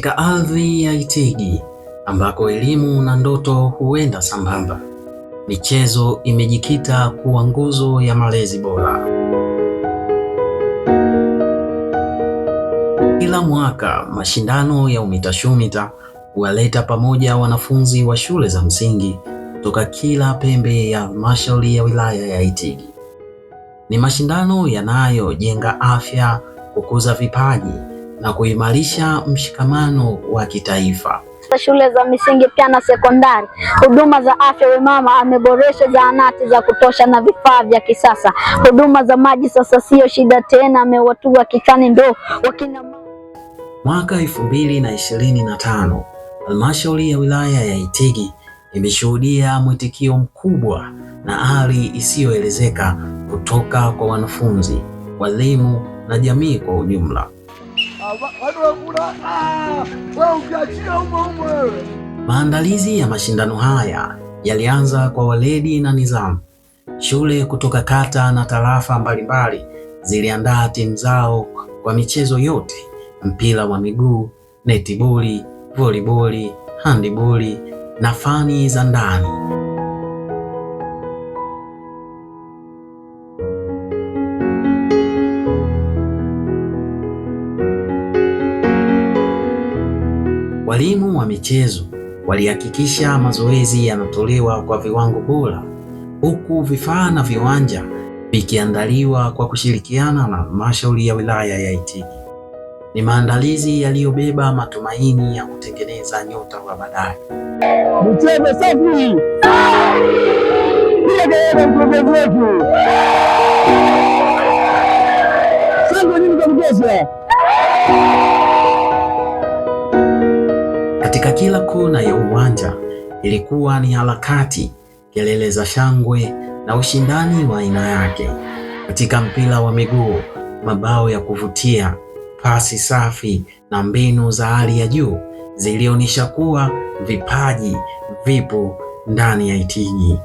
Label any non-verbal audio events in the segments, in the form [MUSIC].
katika ardhi ya Itigi ambako elimu na ndoto huenda sambamba, michezo imejikita kuwa nguzo ya malezi bora. Kila mwaka mashindano ya UMITASHUMITA huwaleta pamoja wanafunzi wa shule za msingi kutoka kila pembe ya halmashauri ya wilaya ya Itigi. Ni mashindano yanayojenga afya, kukuza vipaji na kuimarisha mshikamano wa kitaifa. Shule za misingi pia na sekondari, huduma za afya, we mama ameboresha zahanati za kutosha na vifaa vya kisasa. Huduma za maji sasa siyo shida tena, amewatua kichwani ndoo wakina. Mwaka 2025 halmashauri ya wilaya ya Itigi imeshuhudia mwitikio mkubwa na hali isiyoelezeka kutoka kwa wanafunzi, walimu na jamii kwa ujumla. Maandalizi ya mashindano haya yalianza kwa weledi na nidhamu. Shule kutoka kata na tarafa mbalimbali ziliandaa timu zao kwa michezo yote: mpira wa miguu, netiboli, voliboli, handiboli na fani za ndani. michezo walihakikisha mazoezi yanatolewa kwa viwango bora, huku vifaa na viwanja vikiandaliwa kwa kushirikiana na halmashauri ya wilaya ya Itigi. Ni maandalizi yaliyobeba matumaini ya kutengeneza nyota wa baadaye. Mchezo safi pia mkurugenzi wetu sango nyini kamgeza na ya uwanja ilikuwa ni harakati, kelele za shangwe na ushindani wa aina yake. Katika mpira wa miguu, mabao ya kuvutia, pasi safi na mbinu za hali ya juu zilionyesha kuwa vipaji vipo ndani ya Itigi.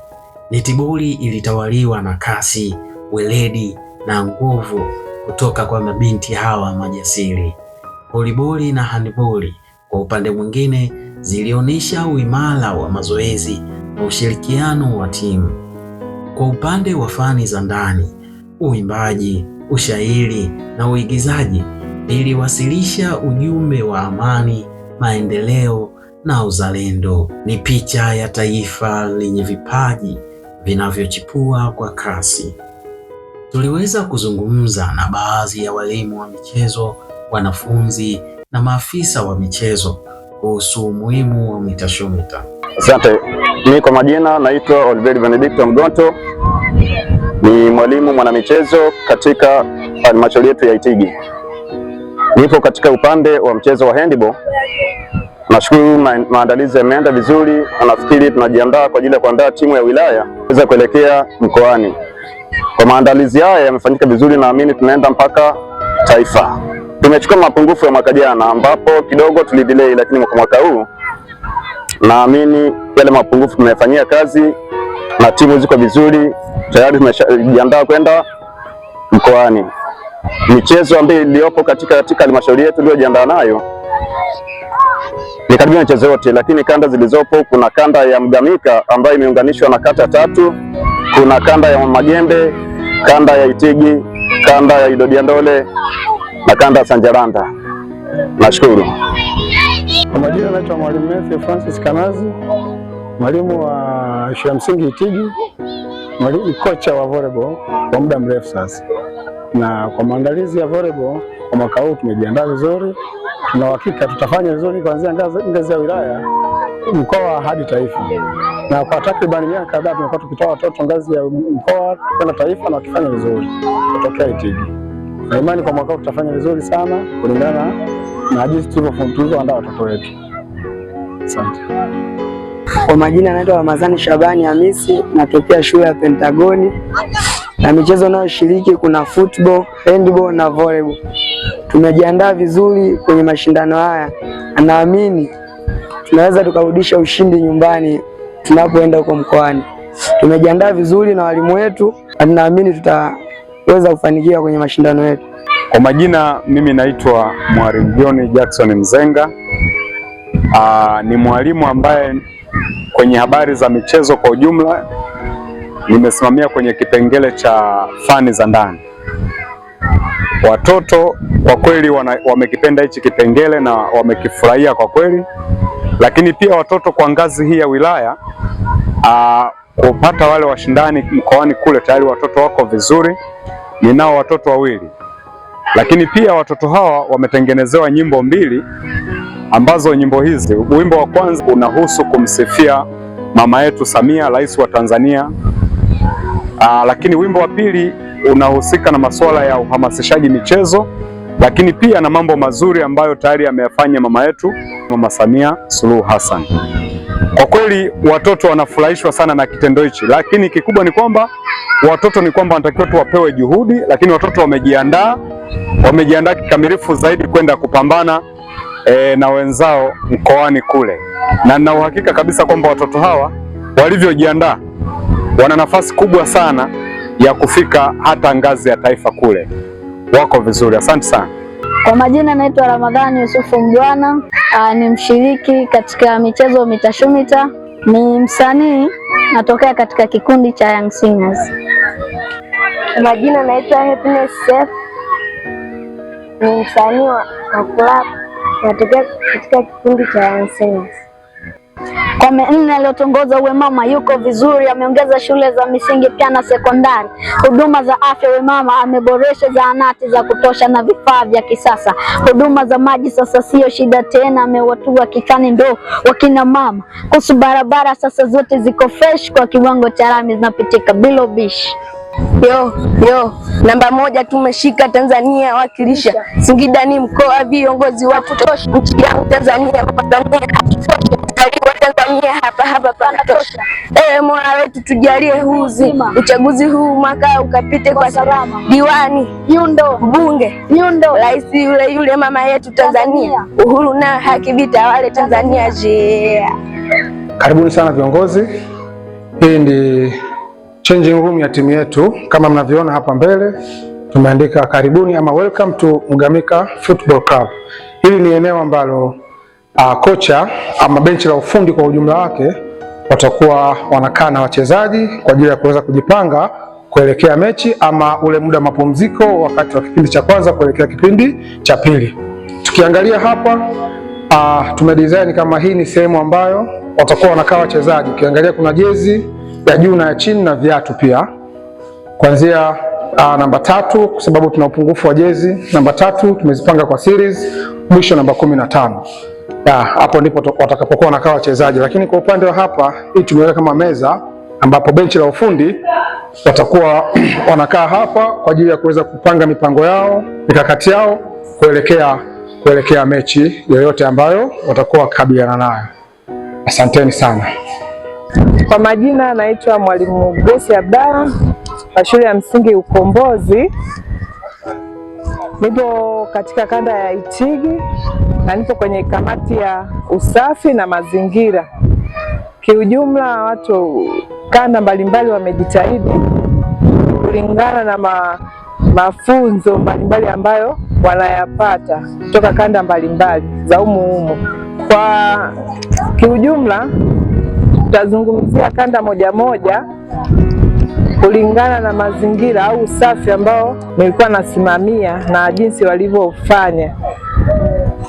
Nitibuli ilitawaliwa na kasi, weledi na nguvu kutoka kwa mabinti hawa majasiri. Voliboli na handiboli kwa upande mwingine zilionyesha uimara wa mazoezi na ushirikiano wa timu. Kwa upande wa fani za ndani, uimbaji, ushairi na uigizaji iliwasilisha ujumbe wa amani, maendeleo na uzalendo. Ni picha ya taifa lenye vipaji vinavyochipua kwa kasi. Tuliweza kuzungumza na baadhi ya walimu wa michezo, wanafunzi na maafisa wa michezo kuhusu umuhimu wa mitashumita. Asante. Mi kwa majina naitwa Oliveri Benedicto Mgonto, ni mwalimu mwanamichezo katika halmashauri yetu ya Itigi. Nipo katika upande wa mchezo wa handball. Nashukuru maandalizi yameenda vizuri, nafikiri tunajiandaa kwa ajili ya kuandaa timu ya wilaya weza kuelekea mkoani. Kwa maandalizi haya yamefanyika vizuri, naamini tunaenda mpaka taifa tumechukua mapungufu ya mwaka jana ambapo kidogo tulidelay, lakini kwa mwaka huu naamini yale mapungufu tumefanyia kazi na timu ziko vizuri tayari, tumejiandaa kwenda mkoani. Michezo ambayo iliyopo katika katika halmashauri yetu iliyojiandaa nayo ni karibia michezo yote, lakini kanda zilizopo, kuna kanda ya Mgamika ambayo imeunganishwa na kata tatu, kuna kanda ya Magembe, kanda ya Itigi, kanda ya Idodiandole Makanda Sanjaranda. Nashukuru. Kwa majina anaitwa Mwalimu Mathew Francis Kanazi, mwalimu wa shule msingi Itigi, mwalimu kocha wa volleyball kwa muda mrefu sasa, na kwa maandalizi ya volleyball kwa mwaka huu tumejiandaa vizuri, tuna uhakika tutafanya vizuri kuanzia ngazi ya wilaya, mkoa hadi taifa. Na kwa takribani miaka kadhaa tumekuwa tukitoa watoto ngazi ya mkoa kwenda taifa na wakifanya vizuri kutokea Itigi na imani kwa mwaka tutafanya vizuri sana kulingana na jinsi tulivyoandaa watoto wetu. Asante. Kwa majina naitwa Ramadhani Shabani Hamisi, natokea shule ya Pentagoni na michezo nayoshiriki kuna football, handball na volleyball. Tumejiandaa vizuri kwenye mashindano haya, naamini tunaweza tukarudisha ushindi nyumbani tunapoenda huko mkoani. Tumejiandaa vizuri na walimu wetu, naamini tuta kuweza kufanikiwa kwenye mashindano yetu. Kwa majina, mimi naitwa Mwalimu John Jackson Mzenga. Aa, ni mwalimu ambaye kwenye habari za michezo kwa ujumla nimesimamia kwenye kipengele cha fani za ndani. Watoto kwa kweli wamekipenda hichi kipengele na wamekifurahia kwa kweli, lakini pia watoto kwa ngazi hii ya wilaya aa, kupata wale washindani mkoani kule tayari watoto wako vizuri, ninao watoto wawili, lakini pia watoto hawa wametengenezewa nyimbo mbili, ambazo nyimbo hizi, wimbo wa kwanza unahusu kumsifia mama yetu Samia, rais wa Tanzania. Aa, ah, lakini wimbo wa pili unahusika na masuala ya uhamasishaji michezo, lakini pia na mambo mazuri ambayo tayari ameyafanya mama yetu, Mama Samia Suluhu Hassan. Kwa kweli watoto wanafurahishwa sana na kitendo hichi, lakini kikubwa ni kwamba watoto ni kwamba wanatakiwa tu wapewe juhudi, lakini watoto wamejiandaa, wamejiandaa kikamilifu zaidi kwenda kupambana e, na wenzao mkoani kule, na nina uhakika kabisa kwamba watoto hawa walivyojiandaa wana nafasi kubwa sana ya kufika hata ngazi ya taifa kule. Wako vizuri, asante sana. Kwa majina naitwa Ramadhani Yusufu Mjwana. Ah, ni mshiriki katika michezo mitashumita, ni msanii natokea katika kikundi cha Young Singers. Kwa majina naitwa Happiness Chef, ni msanii wa club natokea katika kikundi cha Young Singers kwa nne aliyotongoza uwe mama yuko vizuri, ameongeza shule za misingi pia na sekondari, huduma za afya uwe mama ameboresha zahanati za kutosha na vifaa vya kisasa, huduma za maji sasa siyo shida tena, amewatua kichwani ndoo wakina mama. Kuhusu barabara, sasa zote ziko fresh kwa kiwango cha lami, zinapitika bila ubishi yo yo, namba moja tumeshika Tanzania, wakilisha Singida ni mkoa, viongozi wa kutosha, nchi ya Tanzania, Tanzania hapa hapa panatosha. Ee Mola wetu tujalie huzi, uchaguzi huu mwaka ukapite kwa salama, diwani nyundo, mbunge nyundo, rais yule yule, mama yetu Tanzania, uhuru na haki vitawale Tanzania. Je, karibuni sana viongozi, hii ndi changing room ya timu yetu kama mnavyoona hapa mbele tumeandika karibuni ama welcome to Mugamika Football Club. Hili ni eneo ambalo uh, kocha ama benchi la ufundi kwa ujumla wake watakuwa wanakaa na wachezaji kwa ajili ya kuweza kujipanga kuelekea mechi ama ule muda wa mapumziko wakati wa kipindi cha kwanza kuelekea kipindi cha pili. Tukiangalia hapa uh, tumedesign kama hii ni sehemu ambayo watakuwa wanakaa wachezaji. Ukiangalia kuna jezi ya juu na ya chini na viatu pia kuanzia uh, namba tatu kwa sababu tuna upungufu wa jezi. Namba tatu tumezipanga kwa series, mwisho namba kumi na tano hapo ndipo watakapokuwa wanakaa wachezaji. Lakini kwa upande wa hapa hii tumeweka kama meza ambapo benchi la ufundi watakuwa [CLEARS THROAT] wanakaa hapa kwa ajili ya kuweza kupanga mipango yao mikakati yao kuelekea kuelekea mechi yoyote ambayo watakuwa wakikabiliana nayo. Asanteni sana. Kwa majina naitwa Mwalimu Grace Abdalla wa shule ya msingi Ukombozi. Nipo katika kanda ya Itigi na nipo kwenye kamati ya usafi na mazingira. Kiujumla, watu kanda mbalimbali wamejitahidi kulingana na ma, mafunzo mbalimbali ambayo wanayapata kutoka kanda mbalimbali za umu. Kwa kiujumla tutazungumzia kanda moja moja kulingana na mazingira au usafi ambao nilikuwa nasimamia na jinsi walivyofanya.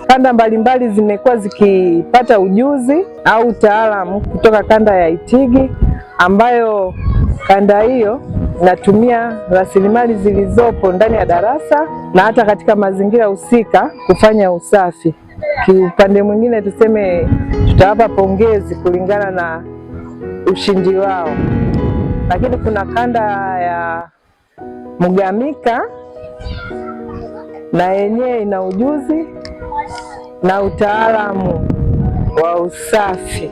Kanda mbalimbali zimekuwa zikipata ujuzi au utaalamu kutoka kanda ya Itigi, ambayo kanda hiyo natumia rasilimali zilizopo ndani ya darasa na hata katika mazingira husika kufanya usafi. Kiupande mwingine tuseme tutawapa pongezi kulingana na ushindi wao, lakini kuna kanda ya mgamika na yenyewe ina ujuzi na utaalamu wa usafi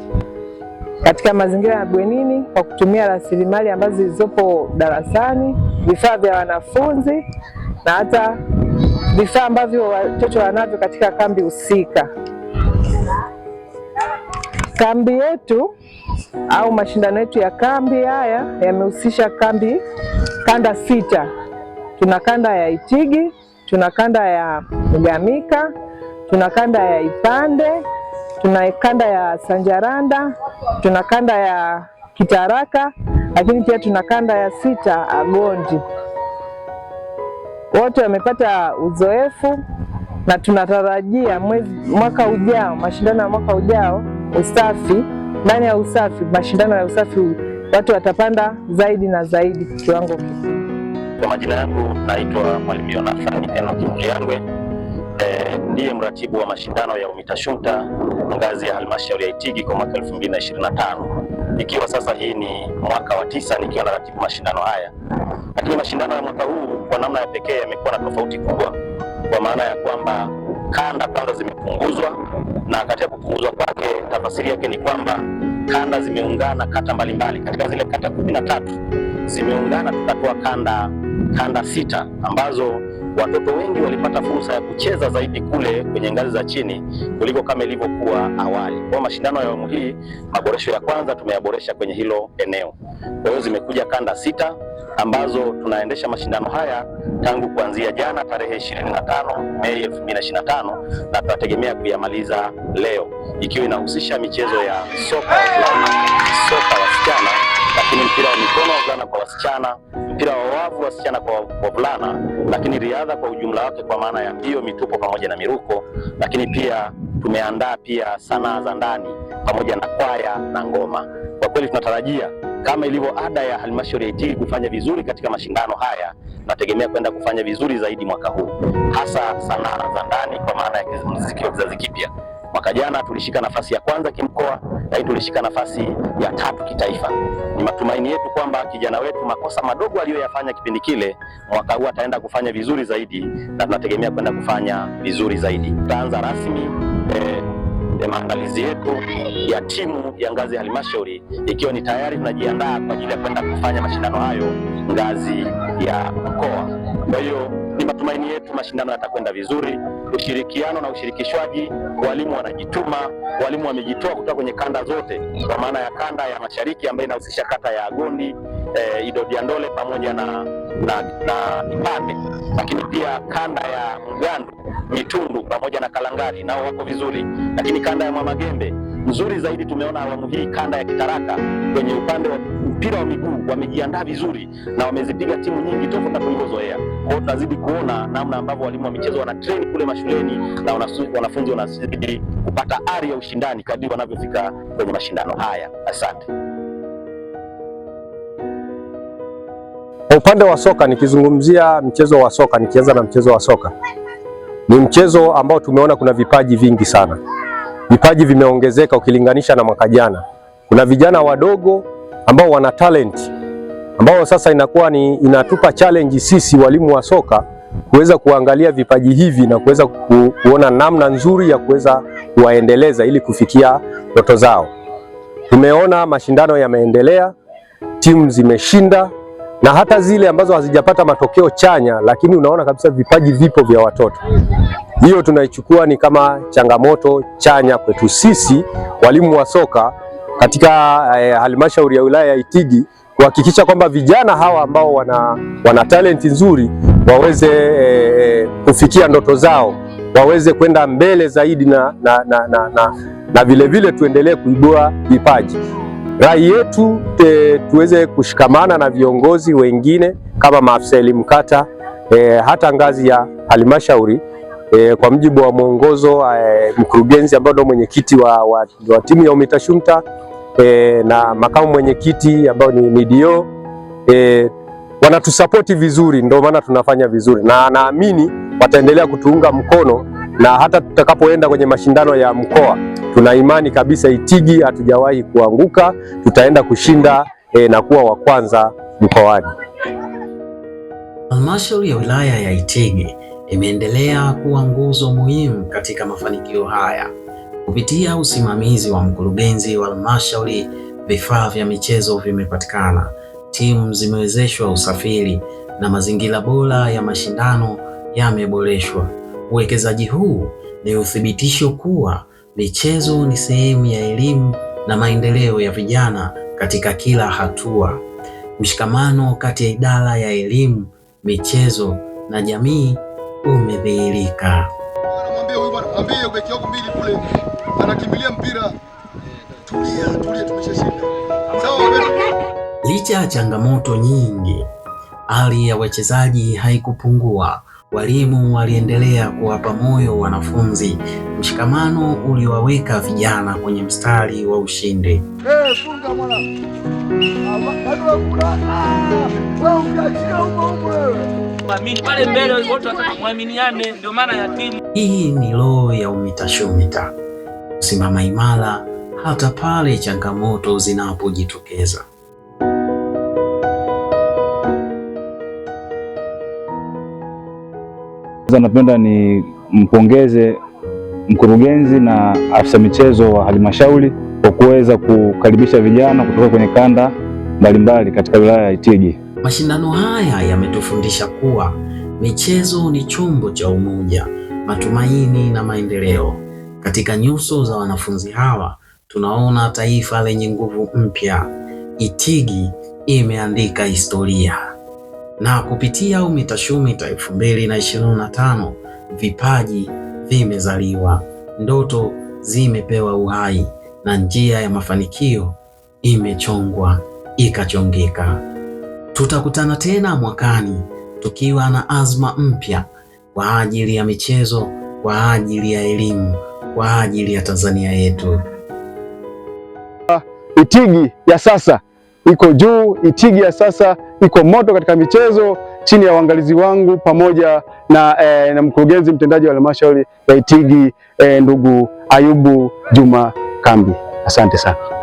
katika mazingira ya bwenini kwa kutumia rasilimali ambazo zilizopo darasani, vifaa vya wanafunzi na hata vifaa ambavyo watoto wanavyo katika kambi husika. Kambi yetu au mashindano yetu ya kambi haya yamehusisha kambi kanda sita. Tuna kanda ya Itigi, tuna kanda ya mgamika tuna kanda ya Ipande, tuna kanda ya Sanjaranda, tuna kanda ya Kitaraka, lakini pia tuna kanda ya sita Agondi. Wote wamepata uzoefu na tunatarajia mwezi, mwaka ujao mashindano ya mwaka ujao usafi. Ndani ya usafi, mashindano ya usafi, watu watapanda zaidi na zaidi kiwango kikubwa. Kwa majina yangu naitwa Mwalimu Yonathani Enoki Mliangwe, eh, ndiye mratibu wa mashindano ya UMITASHUMTA ngazi ya halmashauri ya Itigi kwa mwaka 2025 ikiwa sasa hii ni mwaka wa tisa nikiwa na ratibu mashindano haya. Lakini mashindano ya mwaka huu kwa namna ya pekee yamekuwa na tofauti kubwa, kwa maana ya kwamba kanda kwanza zimepunguzwa, na katika kupunguzwa kwake tafasiri yake ni kwamba kanda zimeungana kata mbalimbali Katika zile kata kumi na tatu zimeungana tukatoa kanda kanda sita ambazo watoto wengi walipata fursa ya kucheza zaidi kule kwenye ngazi za chini kuliko kama ilivyokuwa awali. Kwa mashindano ya awamu hii, maboresho ya kwanza tumeyaboresha kwenye hilo eneo. Kwa hiyo zimekuja kanda sita ambazo tunaendesha mashindano haya tangu kuanzia jana tarehe 25 Mei 2025 na tunategemea kuyamaliza leo, ikiwa inahusisha michezo ya soka wavulana, soka wasichana, lakini mpira wa mikono wavulana kwa wasichana, mpira wa wavu wasichana kwa wavulana, lakini riadha kwa ujumla wake kwa maana ya mbio, mitupo pamoja na miruko, lakini pia tumeandaa pia sanaa za ndani pamoja na kwaya na ngoma. Kwa kweli tunatarajia kama ilivyo ada ya halmashauri ya Itigi kufanya vizuri katika mashindano haya, nategemea kwenda kufanya vizuri zaidi mwaka huu, hasa sanaa za ndani kwa maana ya muziki wa kizazi kipya. Mwaka jana tulishika nafasi ya kwanza kimkoa, lakini tulishika nafasi ya tatu kitaifa. Ni matumaini yetu kwamba kijana wetu makosa madogo aliyoyafanya kipindi kile, mwaka huu ataenda kufanya vizuri zaidi, na tunategemea kwenda kufanya vizuri zaidi. Tutaanza rasmi eh, ya maandalizi yetu ya timu ya ngazi ya halmashauri, ikiwa ni tayari tunajiandaa kwa ajili ya kwenda kufanya mashindano hayo ngazi ya mkoa. Kwa hiyo ni matumaini yetu mashindano yatakwenda vizuri, ushirikiano na ushirikishwaji, walimu wanajituma, walimu wamejitoa kutoka kwenye kanda zote, kwa maana ya kanda ya mashariki ambayo inahusisha kata ya Agondi, eh, ndole pamoja na na, na Ipande, lakini pia kanda ya Mgandu, Mitundu pamoja na Kalangari nao wako vizuri, lakini kanda ya Mwamagembe nzuri zaidi tumeona awamu hii kanda ya Kitaraka kwenye upande wa mpira wa miguu wamejiandaa vizuri na wamezipiga timu nyingi tofauti na tulivyozoea. Kwa hiyo tunazidi kuona namna ambavyo walimu wa michezo wana train kule mashuleni na wanafunzi wanazidi kupata ari ya ushindani kadri wanavyofika kwenye mashindano haya. Asante. Kwa upande wa soka, nikizungumzia mchezo wa soka, nikianza na mchezo wa soka, ni mchezo ambao tumeona kuna vipaji vingi sana, vipaji vimeongezeka ukilinganisha na mwaka jana. Kuna vijana wadogo ambao wana talent ambao sasa inakuwa ni inatupa challenge sisi walimu wa soka kuweza kuangalia vipaji hivi na kuweza kuona namna nzuri ya kuweza kuwaendeleza ili kufikia ndoto zao. Tumeona mashindano yameendelea, timu zimeshinda na hata zile ambazo hazijapata matokeo chanya, lakini unaona kabisa vipaji vipo vya watoto. Hiyo tunaichukua ni kama changamoto chanya kwetu sisi walimu wa soka katika eh, halmashauri ya wilaya ya Itigi kuhakikisha kwamba vijana hawa ambao wana, wana talenti nzuri waweze eh, kufikia ndoto zao waweze kwenda mbele zaidi na, na, na, na, na, na vilevile tuendelee kuibua vipaji. Rai yetu te, tuweze kushikamana na viongozi wengine kama maafisa elimu kata e, hata ngazi ya halmashauri e, kwa mjibu wa mwongozo e, mkurugenzi ambaye ndio mwenyekiti wa, wa, wa timu ya UMITASHUMTA e, na makamu mwenyekiti ambao ni, ni e, wanatusapoti vizuri, ndio maana tunafanya vizuri na naamini wataendelea kutuunga mkono na hata tutakapoenda kwenye mashindano ya mkoa, tuna imani kabisa Itigi hatujawahi kuanguka, tutaenda kushinda e, na kuwa wa kwanza mkoani. Halmashauri ya wilaya ya Itigi imeendelea kuwa nguzo muhimu katika mafanikio haya kupitia usimamizi wa mkurugenzi wa halmashauri. Vifaa vya michezo vimepatikana, timu zimewezeshwa usafiri na mazingira bora ya mashindano yameboreshwa. Uwekezaji huu ni uthibitisho kuwa michezo ni sehemu ya elimu na maendeleo ya vijana katika kila hatua. Mshikamano kati ya idara ya elimu, michezo na jamii umedhihirika. Licha ya changamoto nyingi, hali ya wachezaji haikupungua Walimu waliendelea kuwapa moyo wanafunzi, mshikamano uliwaweka vijana kwenye mstari wa ushindi. Eh, ah, hii. Ni roho ya UMITASHUMITA, kusimama imara hata pale changamoto zinapojitokeza. Kwanza napenda ni mpongeze mkurugenzi na afisa michezo wa halmashauri kwa kuweza kukaribisha vijana kutoka kwenye kanda mbalimbali katika wilaya ya Itigi. Mashindano haya yametufundisha kuwa michezo ni chombo cha umoja, matumaini na maendeleo. Katika nyuso za wanafunzi hawa tunaona taifa lenye nguvu mpya. Itigi imeandika historia na kupitia UMITASHUMITA elfu mbili na ishirini na tano vipaji vimezaliwa, ndoto zimepewa uhai na njia ya mafanikio imechongwa ikachongeka. Tutakutana tena mwakani tukiwa na azma mpya kwa ajili ya michezo, kwa ajili ya elimu, kwa ajili ya Tanzania yetu. Itigi ya sasa iko juu, Itigi ya sasa iko moto katika michezo chini ya uangalizi wangu pamoja na, eh, na mkurugenzi mtendaji wa halmashauri ya Itigi eh, ndugu Ayubu Juma Kambi. Asante sana.